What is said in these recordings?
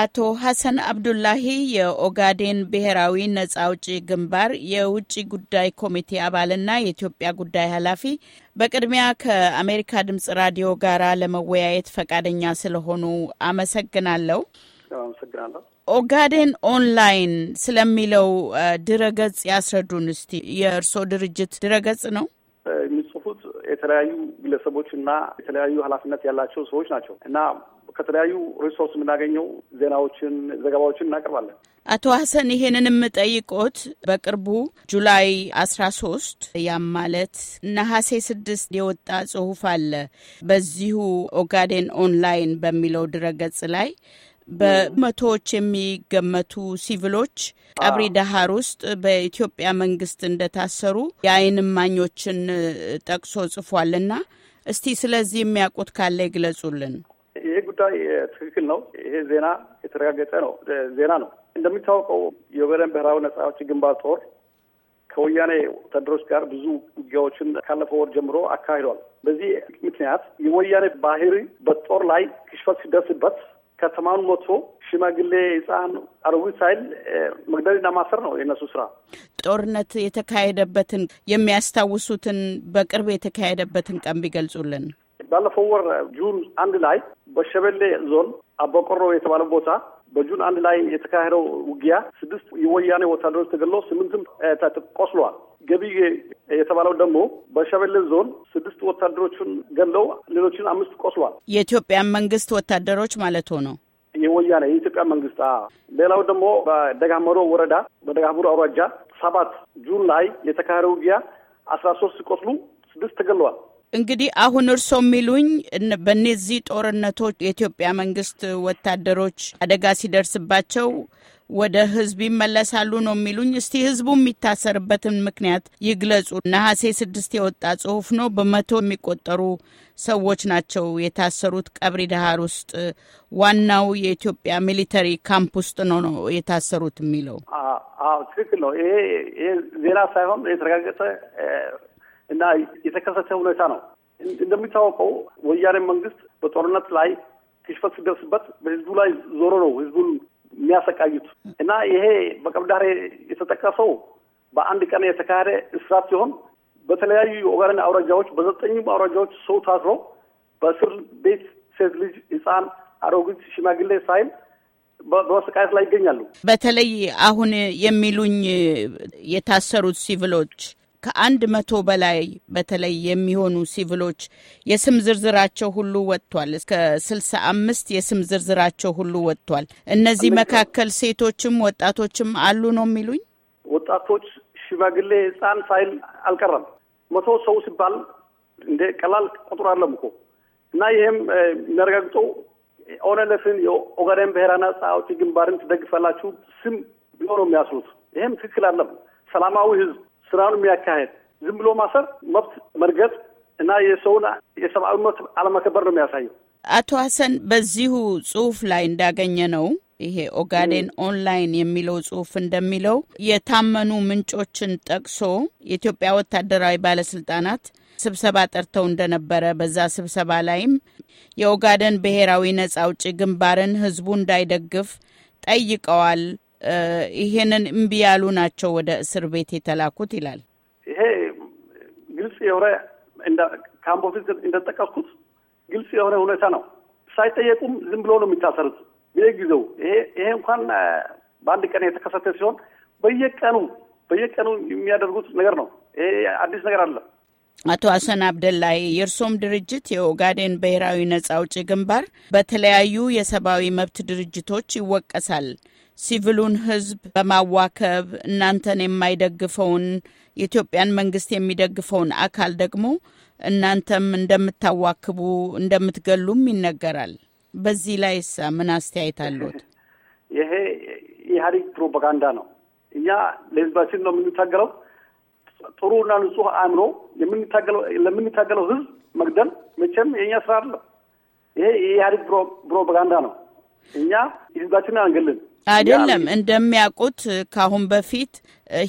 አቶ ሐሰን አብዱላሂ የኦጋዴን ብሔራዊ ነጻ አውጪ ግንባር የውጭ ጉዳይ ኮሚቴ አባልና የኢትዮጵያ ጉዳይ ኃላፊ በቅድሚያ ከአሜሪካ ድምጽ ራዲዮ ጋር ለመወያየት ፈቃደኛ ስለሆኑ አመሰግናለሁ። አመሰግናለሁ። ኦጋዴን ኦንላይን ስለሚለው ድረገጽ ያስረዱን እስቲ። የእርስዎ ድርጅት ድረገጽ ነው የሚጽፉት የተለያዩ ግለሰቦች እና የተለያዩ ኃላፊነት ያላቸው ሰዎች ናቸው እና ከተለያዩ ሪሶርስ የምናገኘው ዜናዎችን፣ ዘገባዎችን እናቀርባለን። አቶ ሀሰን ይሄንንም ጠይቆት በቅርቡ ጁላይ አስራ ሶስት ያም ማለት ነሐሴ ስድስት የወጣ ጽሁፍ አለ በዚሁ ኦጋዴን ኦንላይን በሚለው ድረገጽ ላይ በመቶዎች የሚገመቱ ሲቪሎች ቀብሪ ዳሃር ውስጥ በኢትዮጵያ መንግስት እንደታሰሩ የአይን እማኞችን ጠቅሶ ጽፏልና እስቲ ስለዚህ የሚያውቁት ካለ ይግለጹልን። ጉዳይ ትክክል ነው። ይሄ ዜና የተረጋገጠ ነው ዜና ነው። እንደሚታወቀው የኦጋዴን ብሔራዊ ነጻ አውጪ ግንባር ጦር ከወያኔ ወታደሮች ጋር ብዙ ውጊያዎችን ካለፈው ወር ጀምሮ አካሂዷል። በዚህ ምክንያት የወያኔ ባህሪ በጦር ላይ ክሽፈት ሲደርስበት ከተማን ሞቶ ሽማግሌ፣ ህፃን፣ አሮጊት ሳይል መግደልና ማሰር ነው የእነሱ ስራ። ጦርነት የተካሄደበትን የሚያስታውሱትን በቅርብ የተካሄደበትን ቀን ቢገልጹልን። ባለፈው ወር ጁን አንድ ላይ በሸበሌ ዞን አበቆሮ የተባለ ቦታ በጁን አንድ ላይ የተካሄደው ውጊያ ስድስት የወያኔ ወታደሮች ተገድለው ስምንትም ቆስለዋል። ገቢ የተባለው ደግሞ በሸበሌ ዞን ስድስት ወታደሮችን ገድለው ሌሎችን አምስት ቆስሏል። የኢትዮጵያን መንግስት ወታደሮች ማለት ሆነው የወያኔ የኢትዮጵያ መንግስት። ሌላው ደግሞ በደጋመሮ ወረዳ በደጋመሮ አውራጃ ሰባት ጁን ላይ የተካሄደው ውጊያ አስራ ሶስት ሲቆስሉ ስድስት ተገለዋል። እንግዲህ አሁን እርሶ የሚሉኝ በእነዚህ ጦርነቶች የኢትዮጵያ መንግስት ወታደሮች አደጋ ሲደርስባቸው ወደ ህዝብ ይመለሳሉ ነው የሚሉኝ። እስቲ ህዝቡ የሚታሰርበትን ምክንያት ይግለጹ። ነሐሴ ስድስት የወጣ ጽሁፍ ነው። በመቶ የሚቆጠሩ ሰዎች ናቸው የታሰሩት ቀብሪ ዳሃር ውስጥ ዋናው የኢትዮጵያ ሚሊተሪ ካምፕ ውስጥ ነው ነው የታሰሩት የሚለው። አዎ ትክክል ነው። ይሄ ዜና ሳይሆን የተረጋገጠ እና የተከሰተ ሁኔታ ነው። እንደሚታወቀው ወያኔ መንግስት በጦርነት ላይ ክሽፈት ሲደርስበት በህዝቡ ላይ ዞሮ ነው ህዝቡን የሚያሰቃዩት እና ይሄ በቀብዳሬ የተጠቀሰው በአንድ ቀን የተካሄደ እስራት ሲሆን በተለያዩ የኦጋዴን አውራጃዎች በዘጠኙም አውራጃዎች ሰው ታስሮ በእስር ቤት ሴት ልጅ፣ ህፃን፣ አሮጊት፣ ሽማግሌ ሳይል በመሰቃየት ላይ ይገኛሉ። በተለይ አሁን የሚሉኝ የታሰሩት ሲቪሎች ከአንድ መቶ በላይ በተለይ የሚሆኑ ሲቪሎች የስም ዝርዝራቸው ሁሉ ወጥቷል። እስከ ስልሳ አምስት የስም ዝርዝራቸው ሁሉ ወጥቷል። እነዚህ መካከል ሴቶችም ወጣቶችም አሉ ነው የሚሉኝ። ወጣቶች፣ ሽማግሌ፣ ህፃን ሳይል አልቀረም። መቶ ሰው ሲባል እንደ ቀላል ቁጥር አለም እኮ እና ይህም የሚያረጋግጠው ኦነለፍን የኦጋዴን ብሔራዊ ነጻ አውጪ ግንባርን ትደግፋላችሁ ስም ቢሆን ነው ይህም ትክክል አለም። ሰላማዊ ህዝብ ስራውን የሚያካሄድ ዝም ብሎ ማሰር፣ መብት መርገጥ እና የሰውን የሰብአዊ መብት አለመከበር ነው የሚያሳየው። አቶ ሀሰን በዚሁ ጽሁፍ ላይ እንዳገኘ ነው ይሄ ኦጋዴን ኦንላይን የሚለው ጽሁፍ እንደሚለው የታመኑ ምንጮችን ጠቅሶ የኢትዮጵያ ወታደራዊ ባለስልጣናት ስብሰባ ጠርተው እንደነበረ በዛ ስብሰባ ላይም የኦጋደን ብሔራዊ ነጻ አውጪ ግንባርን ህዝቡ እንዳይደግፍ ጠይቀዋል ይሄንን እምቢ ያሉ ናቸው ወደ እስር ቤት የተላኩት ይላል። ይሄ ግልጽ የሆነ ከአሁን በፊት እንደጠቀስኩት ግልጽ የሆነ ሁኔታ ነው። ሳይጠየቁም ዝም ብሎ ነው የሚታሰሩት በየጊዜው። ይሄ ይሄ እንኳን በአንድ ቀን የተከሰተ ሲሆን በየቀኑ በየቀኑ የሚያደርጉት ነገር ነው። ይሄ አዲስ ነገር አለ። አቶ ሀሰን አብደላይ የእርሶም ድርጅት የኦጋዴን ብሔራዊ ነጻ አውጪ ግንባር በተለያዩ የሰብአዊ መብት ድርጅቶች ይወቀሳል። ሲቪሉን ህዝብ በማዋከብ እናንተን የማይደግፈውን የኢትዮጵያን መንግስት የሚደግፈውን አካል ደግሞ እናንተም እንደምታዋክቡ እንደምትገሉም ይነገራል። በዚህ ሳ ምን አስተያየት አለት ይሄ ኢህአዴግ ፕሮፓጋንዳ ነው። እኛ ለህዝባችን ነው የምንታገለው። ጥሩና ንጹህ አእምሮ ለምንታገለው ህዝብ መግደል መቼም የእኛ ስራ አይደለም። ይሄ የኢህአዴግ ፕሮፓጋንዳ ነው። እኛ ህዝባችንን አንገልን። አይደለም። እንደሚያውቁት ከአሁን በፊት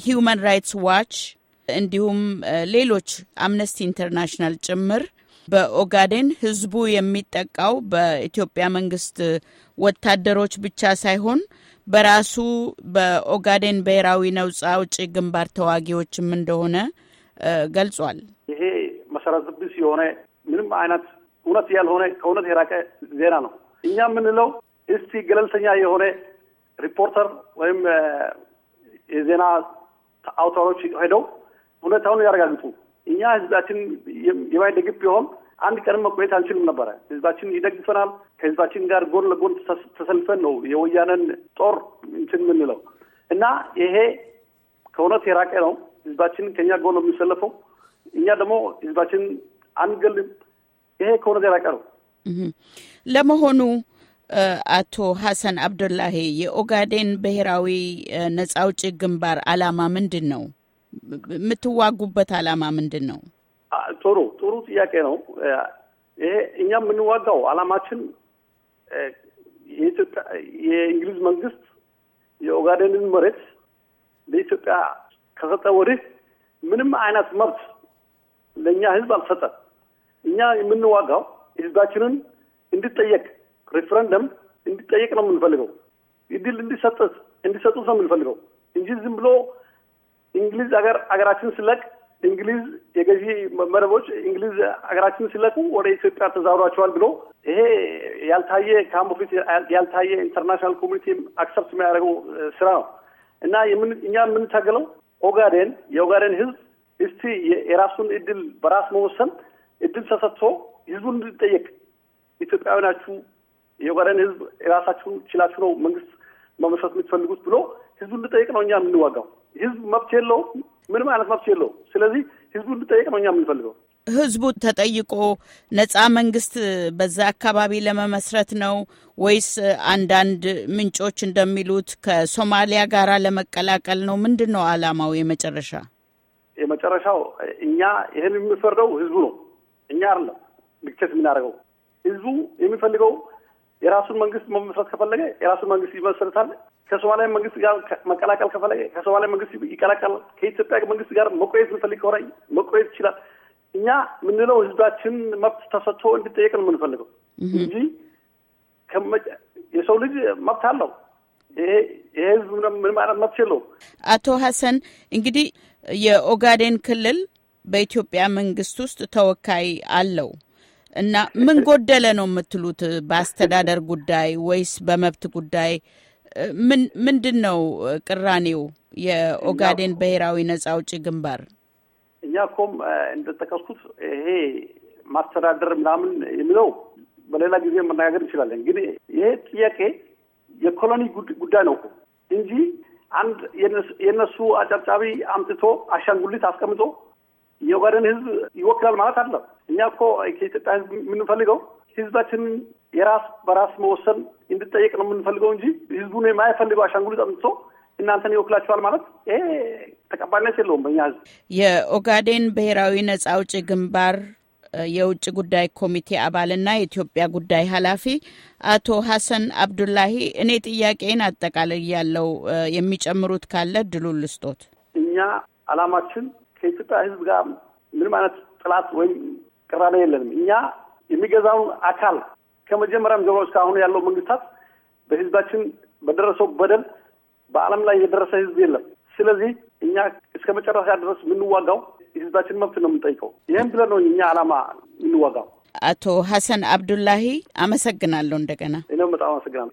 ሂዩማን ራይትስ ዋች እንዲሁም ሌሎች አምነስቲ ኢንተርናሽናል ጭምር በኦጋዴን ህዝቡ የሚጠቃው በኢትዮጵያ መንግስት ወታደሮች ብቻ ሳይሆን በራሱ በኦጋዴን ብሔራዊ ነጻ አውጪ ግንባር ተዋጊዎችም እንደሆነ ገልጿል። ይሄ መሰረተ ቢስ የሆነ ምንም አይነት እውነት ያልሆነ ከእውነት የራቀ ዜና ነው። እኛ የምንለው እስቲ ገለልተኛ የሆነ ሪፖርተር ወይም የዜና አውታሮች ሄደው እውነታውን ያረጋግጡ። እኛ ህዝባችን የማይደግፍ ቢሆን አንድ ቀንም መቆየት አንችልም ነበረ። ህዝባችን ይደግፈናል። ከህዝባችን ጋር ጎን ለጎን ተሰልፈን ነው የወያነን ጦር እንትን የምንለው እና ይሄ ከእውነት የራቀ ነው። ህዝባችን ከኛ ጎን ነው የሚሰለፈው። እኛ ደግሞ ህዝባችን አንገልም። ይሄ ከእውነት የራቀ ነው። ለመሆኑ አቶ ሀሰን አብዱላሂ የኦጋዴን ብሔራዊ ነጻ አውጪ ግንባር አላማ ምንድን ነው? የምትዋጉበት አላማ ምንድን ነው? ጥሩ ጥሩ ጥያቄ ነው። ይሄ እኛ የምንዋጋው አላማችን የእንግሊዝ መንግስት የኦጋዴንን መሬት ለኢትዮጵያ ከሰጠ ወዲህ ምንም አይነት መብት ለእኛ ህዝብ አልሰጠም። እኛ የምንዋጋው ህዝባችንን እንዲጠየቅ ሬፍረንደም እንዲጠየቅ ነው የምንፈልገው። እድል እንዲሰጥ እንዲሰጡት ነው የምንፈልገው እንጂ ዝም ብሎ እንግሊዝ ሀገር ሀገራችን ስለቅ እንግሊዝ የገዢ መረቦች እንግሊዝ ሀገራችን ሲለቁ ወደ ኢትዮጵያ ተዛውሯቸዋል ብሎ ይሄ ያልታየ ከአምቦ ፊት ያልታየ ኢንተርናሽናል ኮሚኒቲ አክሰፕት የሚያደርገው ስራ ነው እና እኛ የምንታገለው ኦጋዴን የኦጋዴን ህዝብ እስቲ የራሱን እድል በራስ መወሰን እድል ተሰጥቶ ህዝቡን እንዲጠየቅ ኢትዮጵያዊ ናችሁ የኦጋዴን ህዝብ የራሳችሁን ችላችሁ ነው መንግስት መመስረት የምትፈልጉት ብሎ ህዝቡን ልጠይቅ ነው እኛ የምንዋጋው። ህዝብ መብት የለውም፣ ምንም አይነት መብት የለውም። ስለዚህ ህዝቡን ልጠይቅ ነው እኛ የምንፈልገው። ህዝቡ ተጠይቆ ነጻ መንግስት በዛ አካባቢ ለመመስረት ነው ወይስ አንዳንድ ምንጮች እንደሚሉት ከሶማሊያ ጋር ለመቀላቀል ነው? ምንድን ነው አላማው? የመጨረሻ የመጨረሻው እኛ ይህን የሚፈርደው ህዝቡ ነው፣ እኛ አይደለም። ግጭት የምናደርገው ህዝቡ የሚፈልገው የራሱን መንግስት መመስረት ከፈለገ የራሱን መንግስት ይመሰርታል። ከሶማሊያ መንግስት ጋር መቀላቀል ከፈለገ ከሶማሊያ መንግስት ይቀላቀላል። ከኢትዮጵያ መንግስት ጋር መቆየት የምንፈልግ ከሆነ መቆየት ይችላል። እኛ የምንለው ህዝባችን መብት ተሰጥቶ እንዲጠየቅ ነው የምንፈልገው እንጂ የሰው ልጅ መብት አለው። የህዝብ ምን ማለት መብት የለውም። አቶ ሀሰን እንግዲህ የኦጋዴን ክልል በኢትዮጵያ መንግስት ውስጥ ተወካይ አለው እና ምን ጎደለ ነው የምትሉት? በአስተዳደር ጉዳይ ወይስ በመብት ጉዳይ ምንድን ነው ቅራኔው? የኦጋዴን ብሔራዊ ነጻ አውጪ ግንባር እኛ እኮም እንደጠቀስኩት ይሄ ማስተዳደር ምናምን የሚለው በሌላ ጊዜ መነጋገር እንችላለን። ግን ይሄ ጥያቄ የኮሎኒ ጉዳይ ነው እንጂ አንድ የእነሱ አጨብጫቢ አምጥቶ አሻንጉሊት አስቀምጦ የኦጋዴን ህዝብ ይወክላል ማለት አይደለም። እኛ እኮ ከኢትዮጵያ ህዝብ የምንፈልገው ህዝባችንን የራስ በራስ መወሰን እንድጠየቅ ነው የምንፈልገው እንጂ ህዝቡን የማይፈልገው አሻንጉሊት አምጥቶ እናንተን ይወክላችኋል ማለት ይሄ ተቀባይነት የለውም በእኛ ህዝብ። የኦጋዴን ብሔራዊ ነጻ አውጪ ግንባር የውጭ ጉዳይ ኮሚቴ አባልና የኢትዮጵያ ጉዳይ ኃላፊ አቶ ሀሰን አብዱላሂ፣ እኔ ጥያቄን አጠቃላይ ያለው የሚጨምሩት ካለ ድሉ ልስጦት። እኛ አላማችን ከኢትዮጵያ ህዝብ ጋር ምንም አይነት ጥላት ወይም ቅራኔ የለንም። እኛ የሚገዛውን አካል ከመጀመሪያም ጀምሮ እስካሁን ያለው መንግስታት በህዝባችን በደረሰው በደል በዓለም ላይ የደረሰ ህዝብ የለም። ስለዚህ እኛ እስከ መጨረሻ ድረስ የምንዋጋው የህዝባችን መብት ነው የምንጠይቀው። ይህም ብለን ነው እኛ ዓላማ የምንዋጋው። አቶ ሀሰን አብዱላሂ አመሰግናለሁ። እንደገና እኔም በጣም አመሰግናለሁ።